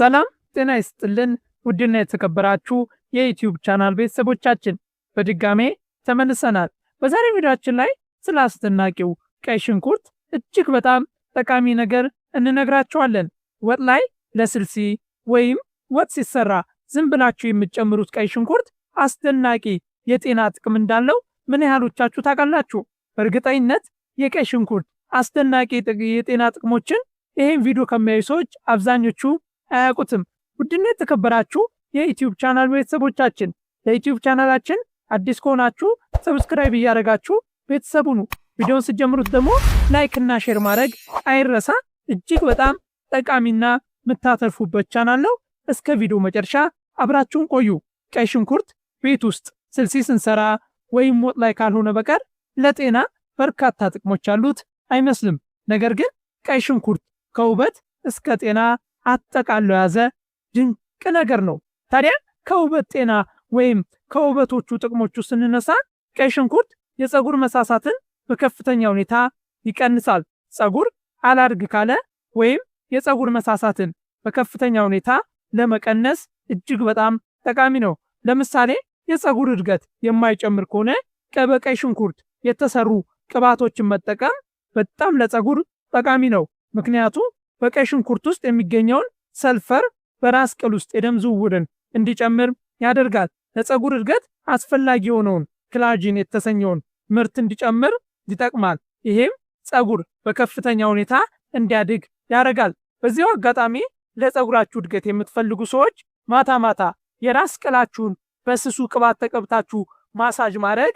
ሰላም ጤና ይስጥልን። ውድና የተከበራችሁ የዩትዩብ ቻናል ቤተሰቦቻችን በድጋሜ ተመልሰናል። በዛሬ ቪዲዮችን ላይ ስለ አስደናቂው ቀይ ሽንኩርት እጅግ በጣም ጠቃሚ ነገር እንነግራችኋለን። ወጥ ላይ ለስልሲ ወይም ወጥ ሲሰራ ዝም ብላችሁ የምትጨምሩት ቀይ ሽንኩርት አስደናቂ የጤና ጥቅም እንዳለው ምን ያህሎቻችሁ ታውቃላችሁ? በእርግጠኝነት የቀይ ሽንኩርት አስደናቂ የጤና ጥቅሞችን ይህን ቪዲዮ ከሚያዩ ሰዎች አብዛኞቹ አያውቁትም። ውድና የተከበራችሁ የዩትዩብ ቻናል ቤተሰቦቻችን ለዩትዩብ ቻናላችን አዲስ ከሆናችሁ ሰብስክራይብ እያደረጋችሁ ቤተሰብ ሁኑ። ቪዲዮን ስጀምሩት ደግሞ ላይክ እና ሼር ማድረግ አይረሳ። እጅግ በጣም ጠቃሚና የምታተርፉበት ቻናል ነው። እስከ ቪዲዮ መጨረሻ አብራችሁን ቆዩ። ቀይ ሽንኩርት ቤት ውስጥ ስልሲ ስንሰራ ወይም ወጥ ላይ ካልሆነ በቀር ለጤና በርካታ ጥቅሞች አሉት አይመስልም። ነገር ግን ቀይ ሽንኩርት ከውበት እስከ ጤና አጠቃሎ የያዘ ድንቅ ነገር ነው። ታዲያ ከውበት ጤና ወይም ከውበቶቹ ጥቅሞቹ ስንነሳ ቀይ ሽንኩርት የፀጉር መሳሳትን በከፍተኛ ሁኔታ ይቀንሳል። ፀጉር አላድግ ካለ ወይም የፀጉር መሳሳትን በከፍተኛ ሁኔታ ለመቀነስ እጅግ በጣም ጠቃሚ ነው። ለምሳሌ የፀጉር እድገት የማይጨምር ከሆነ በቀይ ሽንኩርት የተሰሩ ቅባቶችን መጠቀም በጣም ለፀጉር ጠቃሚ ነው። ምክንያቱም በቀይ ሽንኩርት ውስጥ የሚገኘውን ሰልፈር በራስ ቅል ውስጥ የደም ዝውውርን እንዲጨምር ያደርጋል። ለፀጉር እድገት አስፈላጊ የሆነውን ክላጂን የተሰኘውን ምርት እንዲጨምር ይጠቅማል። ይህም ፀጉር በከፍተኛ ሁኔታ እንዲያድግ ያደርጋል። በዚያው አጋጣሚ ለፀጉራችሁ እድገት የምትፈልጉ ሰዎች ማታ ማታ የራስ ቅላችሁን በስሱ ቅባት ተቀብታችሁ ማሳጅ ማድረግ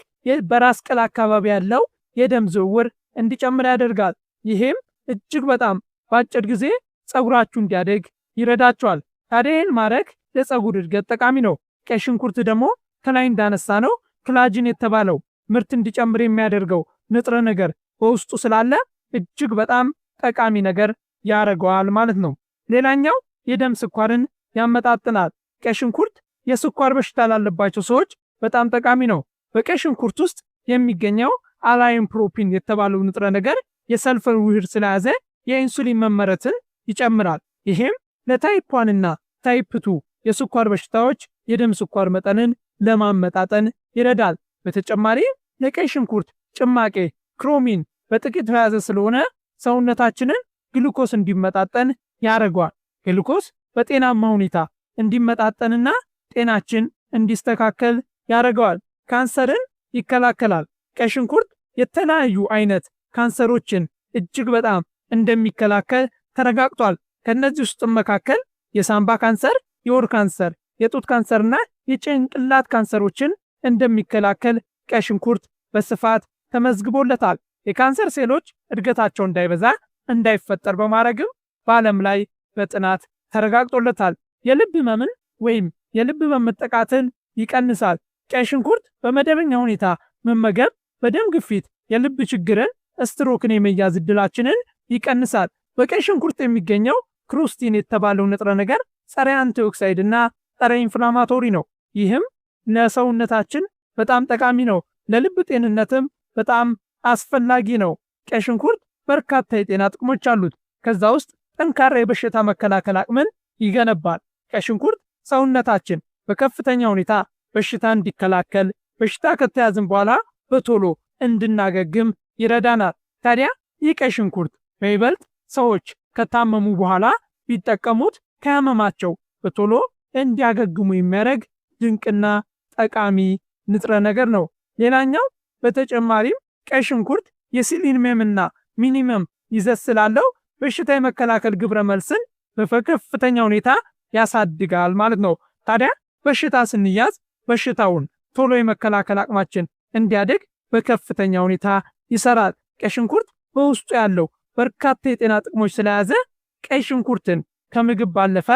በራስ ቅል አካባቢ ያለው የደም ዝውውር እንዲጨምር ያደርጋል። ይህም እጅግ በጣም በአጭር ጊዜ ጸጉራችሁ እንዲያደግ ይረዳቸዋል። ታዲያ ይህን ማድረግ ለጸጉር እድገት ጠቃሚ ነው። ቀይ ሽንኩርት ደግሞ ከላይ እንዳነሳ ነው ክላጅን የተባለው ምርት እንዲጨምር የሚያደርገው ንጥረ ነገር በውስጡ ስላለ እጅግ በጣም ጠቃሚ ነገር ያደርገዋል ማለት ነው። ሌላኛው የደም ስኳርን ያመጣጥናል። ቀይ ሽንኩርት የስኳር በሽታ ላለባቸው ሰዎች በጣም ጠቃሚ ነው። በቀይ ሽንኩርት ውስጥ የሚገኘው አላይን ፕሮፒን የተባለው ንጥረ ነገር የሰልፈር ውህድ ስለያዘ የኢንሱሊን መመረትን ይጨምራል። ይህም ለታይፕ ዋንና ታይፕ የስኳር በሽታዎች የደም ስኳር መጠንን ለማመጣጠን ይረዳል። በተጨማሪ የቀይ ሽንኩርት ጭማቄ ክሮሚን በጥቂት የያዘ ስለሆነ ሰውነታችንን ግሉኮስ እንዲመጣጠን ያደርገዋል። ግሉኮስ በጤናማ ሁኔታ እንዲመጣጠንና ጤናችን እንዲስተካከል ያደርገዋል። ካንሰርን ይከላከላል። ቀይ ሽንኩርት የተለያዩ አይነት ካንሰሮችን እጅግ በጣም እንደሚከላከል ተረጋግጧል። ከእነዚህ ውስጥ መካከል የሳምባ ካንሰር፣ የሆድ ካንሰር፣ የጡት ካንሰርና የጭንቅላት ካንሰሮችን እንደሚከላከል ቀይ ሽንኩርት በስፋት ተመዝግቦለታል። የካንሰር ሴሎች እድገታቸው እንዳይበዛ እንዳይፈጠር በማድረግም በዓለም ላይ በጥናት ተረጋግጦለታል። የልብ ህመምን ወይም የልብ መመጠቃትን ይቀንሳል። ቀይ ሽንኩርት በመደበኛ ሁኔታ መመገብ በደም ግፊት፣ የልብ ችግርን፣ ስትሮክን የመያዝ ዕድላችንን ይቀንሳል። በቀይ ሽንኩርት የሚገኘው ክሩስቲን የተባለው ንጥረ ነገር ጸረ አንቲኦክሳይድ እና ጸረ ኢንፍላማቶሪ ነው። ይህም ለሰውነታችን በጣም ጠቃሚ ነው። ለልብ ጤንነትም በጣም አስፈላጊ ነው። ቀይ ሽንኩርት በርካታ የጤና ጥቅሞች አሉት። ከዛ ውስጥ ጠንካራ የበሽታ መከላከል አቅምን ይገነባል። ቀይ ሽንኩርት ሰውነታችን በከፍተኛ ሁኔታ በሽታ እንዲከላከል፣ በሽታ ከተያዝን በኋላ በቶሎ እንድናገግም ይረዳናል። ታዲያ ይህ ቀይ ሽንኩርት በይበልጥ ሰዎች ከታመሙ በኋላ ቢጠቀሙት ከህመማቸው በቶሎ እንዲያገግሙ የሚያደርግ ድንቅና ጠቃሚ ንጥረ ነገር ነው። ሌላኛው በተጨማሪም ቀይ ሽንኩርት የሲሊኒየምና ሚኒመም ይዘት ስላለው በሽታ የመከላከል ግብረ መልስን በከፍተኛ ሁኔታ ያሳድጋል ማለት ነው። ታዲያ በሽታ ስንያዝ በሽታውን ቶሎ የመከላከል አቅማችን እንዲያድግ በከፍተኛ ሁኔታ ይሰራል። ቀይ ሽንኩርት በውስጡ ያለው በርካታ የጤና ጥቅሞች ስለያዘ ቀይ ሽንኩርትን ከምግብ ባለፈ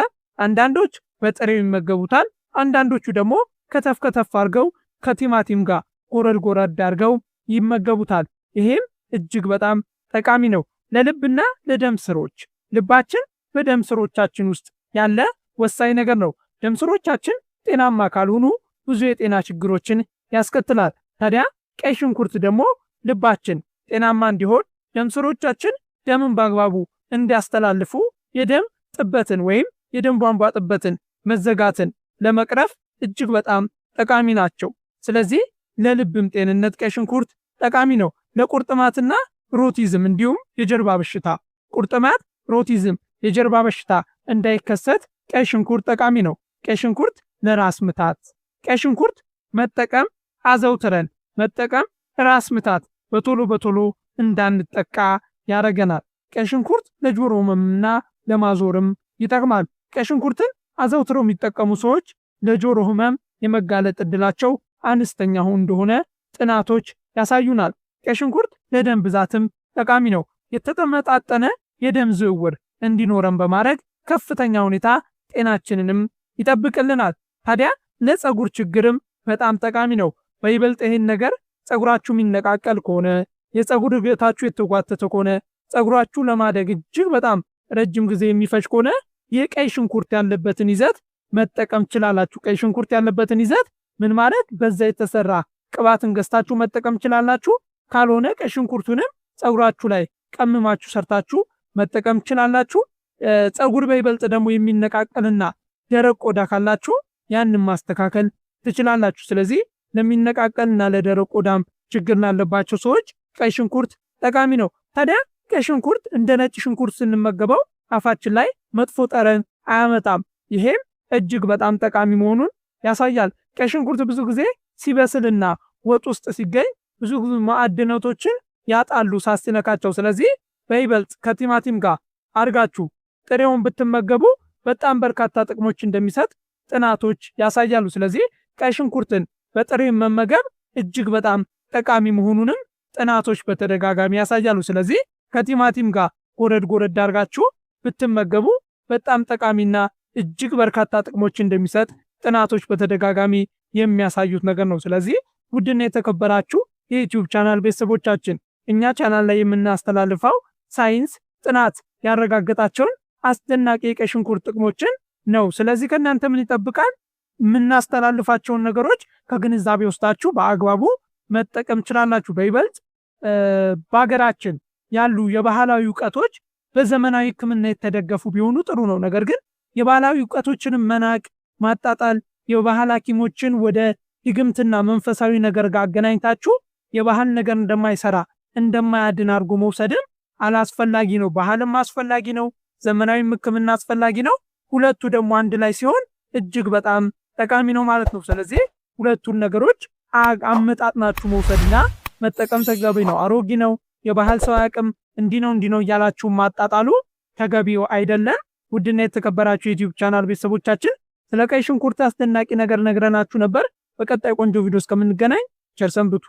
አንዳንዶች በጥሬው ይመገቡታል። አንዳንዶቹ ደግሞ ከተፍ ከተፍ አድርገው ከቲማቲም ጋር ጎረድ ጎረድ አድርገው ይመገቡታል። ይሄም እጅግ በጣም ጠቃሚ ነው ለልብና ለደም ስሮች። ልባችን በደም ስሮቻችን ውስጥ ያለ ወሳኝ ነገር ነው። ደም ስሮቻችን ጤናማ ካልሆኑ ብዙ የጤና ችግሮችን ያስከትላል። ታዲያ ቀይ ሽንኩርት ደግሞ ልባችን ጤናማ እንዲሆን ደም ስሮቻችን ደምን በአግባቡ እንዲያስተላልፉ የደም ጥበትን ወይም የደም ቧንቧ ጥበትን መዘጋትን ለመቅረፍ እጅግ በጣም ጠቃሚ ናቸው። ስለዚህ ለልብም ጤንነት ቀይ ሽንኩርት ጠቃሚ ነው። ለቁርጥማትና ሮቲዝም እንዲሁም የጀርባ በሽታ ቁርጥማት፣ ሮቲዝም፣ የጀርባ በሽታ እንዳይከሰት ቀይ ሽንኩርት ጠቃሚ ነው። ቀይ ሽንኩርት ለራስ ምታት፣ ቀይ ሽንኩርት መጠቀም አዘውትረን መጠቀም ራስ ምታት በቶሎ በቶሎ እንዳንጠቃ ያደርገናል። ቀይ ሽንኩርት ለጆሮ ህመምና ለማዞርም ይጠቅማል። ቀይ ሽንኩርትን አዘውትረው የሚጠቀሙ ሰዎች ለጆሮ ህመም የመጋለጥ እድላቸው አነስተኛ እንደሆነ ጥናቶች ያሳዩናል። ቀይ ሽንኩርት ለደም ብዛትም ጠቃሚ ነው። የተመጣጠነ የደም ዝውውር እንዲኖረን በማድረግ ከፍተኛ ሁኔታ ጤናችንንም ይጠብቅልናል። ታዲያ ለፀጉር ችግርም በጣም ጠቃሚ ነው። በይበልጥ ይህን ነገር ፀጉራችሁ የሚነቃቀል ከሆነ የፀጉር እድገታችሁ የተጓተተ ከሆነ ፀጉራችሁ ለማደግ እጅግ በጣም ረጅም ጊዜ የሚፈጅ ከሆነ የቀይ ሽንኩርት ያለበትን ይዘት መጠቀም ችላላችሁ። ቀይ ሽንኩርት ያለበትን ይዘት ምን ማለት በዛ የተሰራ ቅባትን ገዝታችሁ መጠቀም ችላላችሁ። ካልሆነ ቀይ ሽንኩርቱንም ፀጉራችሁ ላይ ቀምማችሁ ሰርታችሁ መጠቀም ችላላችሁ። ፀጉር በይበልጥ ደግሞ የሚነቃቀልና ደረቅ ቆዳ ካላችሁ ያንን ማስተካከል ትችላላችሁ። ስለዚህ ለሚነቃቀልና ለደረቅ ቆዳም ችግር ላለባቸው ሰዎች ቀይ ሽንኩርት ጠቃሚ ነው። ታዲያ ቀይ ሽንኩርት እንደ ነጭ ሽንኩርት ስንመገበው አፋችን ላይ መጥፎ ጠረን አያመጣም። ይሄም እጅግ በጣም ጠቃሚ መሆኑን ያሳያል። ቀይ ሽንኩርት ብዙ ጊዜ ሲበስልና ወጥ ውስጥ ሲገኝ ብዙ ማዕድነቶችን ያጣሉ ሳስነካቸው። ስለዚህ በይበልጥ ከቲማቲም ጋር አድርጋችሁ ጥሬውን ብትመገቡ በጣም በርካታ ጥቅሞች እንደሚሰጥ ጥናቶች ያሳያሉ። ስለዚህ ቀይ ሽንኩርትን በጥሬ መመገብ እጅግ በጣም ጠቃሚ መሆኑንም ጥናቶች በተደጋጋሚ ያሳያሉ። ስለዚህ ከቲማቲም ጋር ጎረድ ጎረድ አድርጋችሁ ብትመገቡ በጣም ጠቃሚና እጅግ በርካታ ጥቅሞች እንደሚሰጥ ጥናቶች በተደጋጋሚ የሚያሳዩት ነገር ነው። ስለዚህ ውድና የተከበራችሁ የዩቲዩብ ቻናል ቤተሰቦቻችን እኛ ቻናል ላይ የምናስተላልፈው ሳይንስ ጥናት ያረጋገጣቸውን አስደናቂ የቀይ ሽንኩርት ጥቅሞችን ነው። ስለዚህ ከእናንተ ምን ይጠብቃል? የምናስተላልፋቸውን ነገሮች ከግንዛቤ ውስጣችሁ በአግባቡ መጠቀም ትችላላችሁ። በይበልጥ በሀገራችን ያሉ የባህላዊ እውቀቶች በዘመናዊ ሕክምና የተደገፉ ቢሆኑ ጥሩ ነው። ነገር ግን የባህላዊ እውቀቶችንም መናቅ ማጣጣል፣ የባህል ሐኪሞችን ወደ ድግምትና መንፈሳዊ ነገር ጋር አገናኝታችሁ የባህል ነገር እንደማይሰራ እንደማያድን አድርጎ መውሰድም አላስፈላጊ ነው። ባህልም አስፈላጊ ነው፣ ዘመናዊም ሕክምና አስፈላጊ ነው። ሁለቱ ደግሞ አንድ ላይ ሲሆን እጅግ በጣም ጠቃሚ ነው ማለት ነው። ስለዚህ ሁለቱን ነገሮች አመጣጥናችሁ መውሰድና መጠቀም ተገቢ ነው። አሮጊ ነው፣ የባህል ሰው አቅም እንዲህ ነው እንዲህ ነው እያላችሁ ማጣጣሉ ተገቢው አይደለም። ውድና የተከበራችሁ ዩቲዩብ ቻናል ቤተሰቦቻችን ስለ ቀይ ሽንኩርት አስደናቂ ነገር ነግረናችሁ ነበር። በቀጣይ ቆንጆ ቪዲዮ እስከምንገናኝ ቸር ሰንብቱ።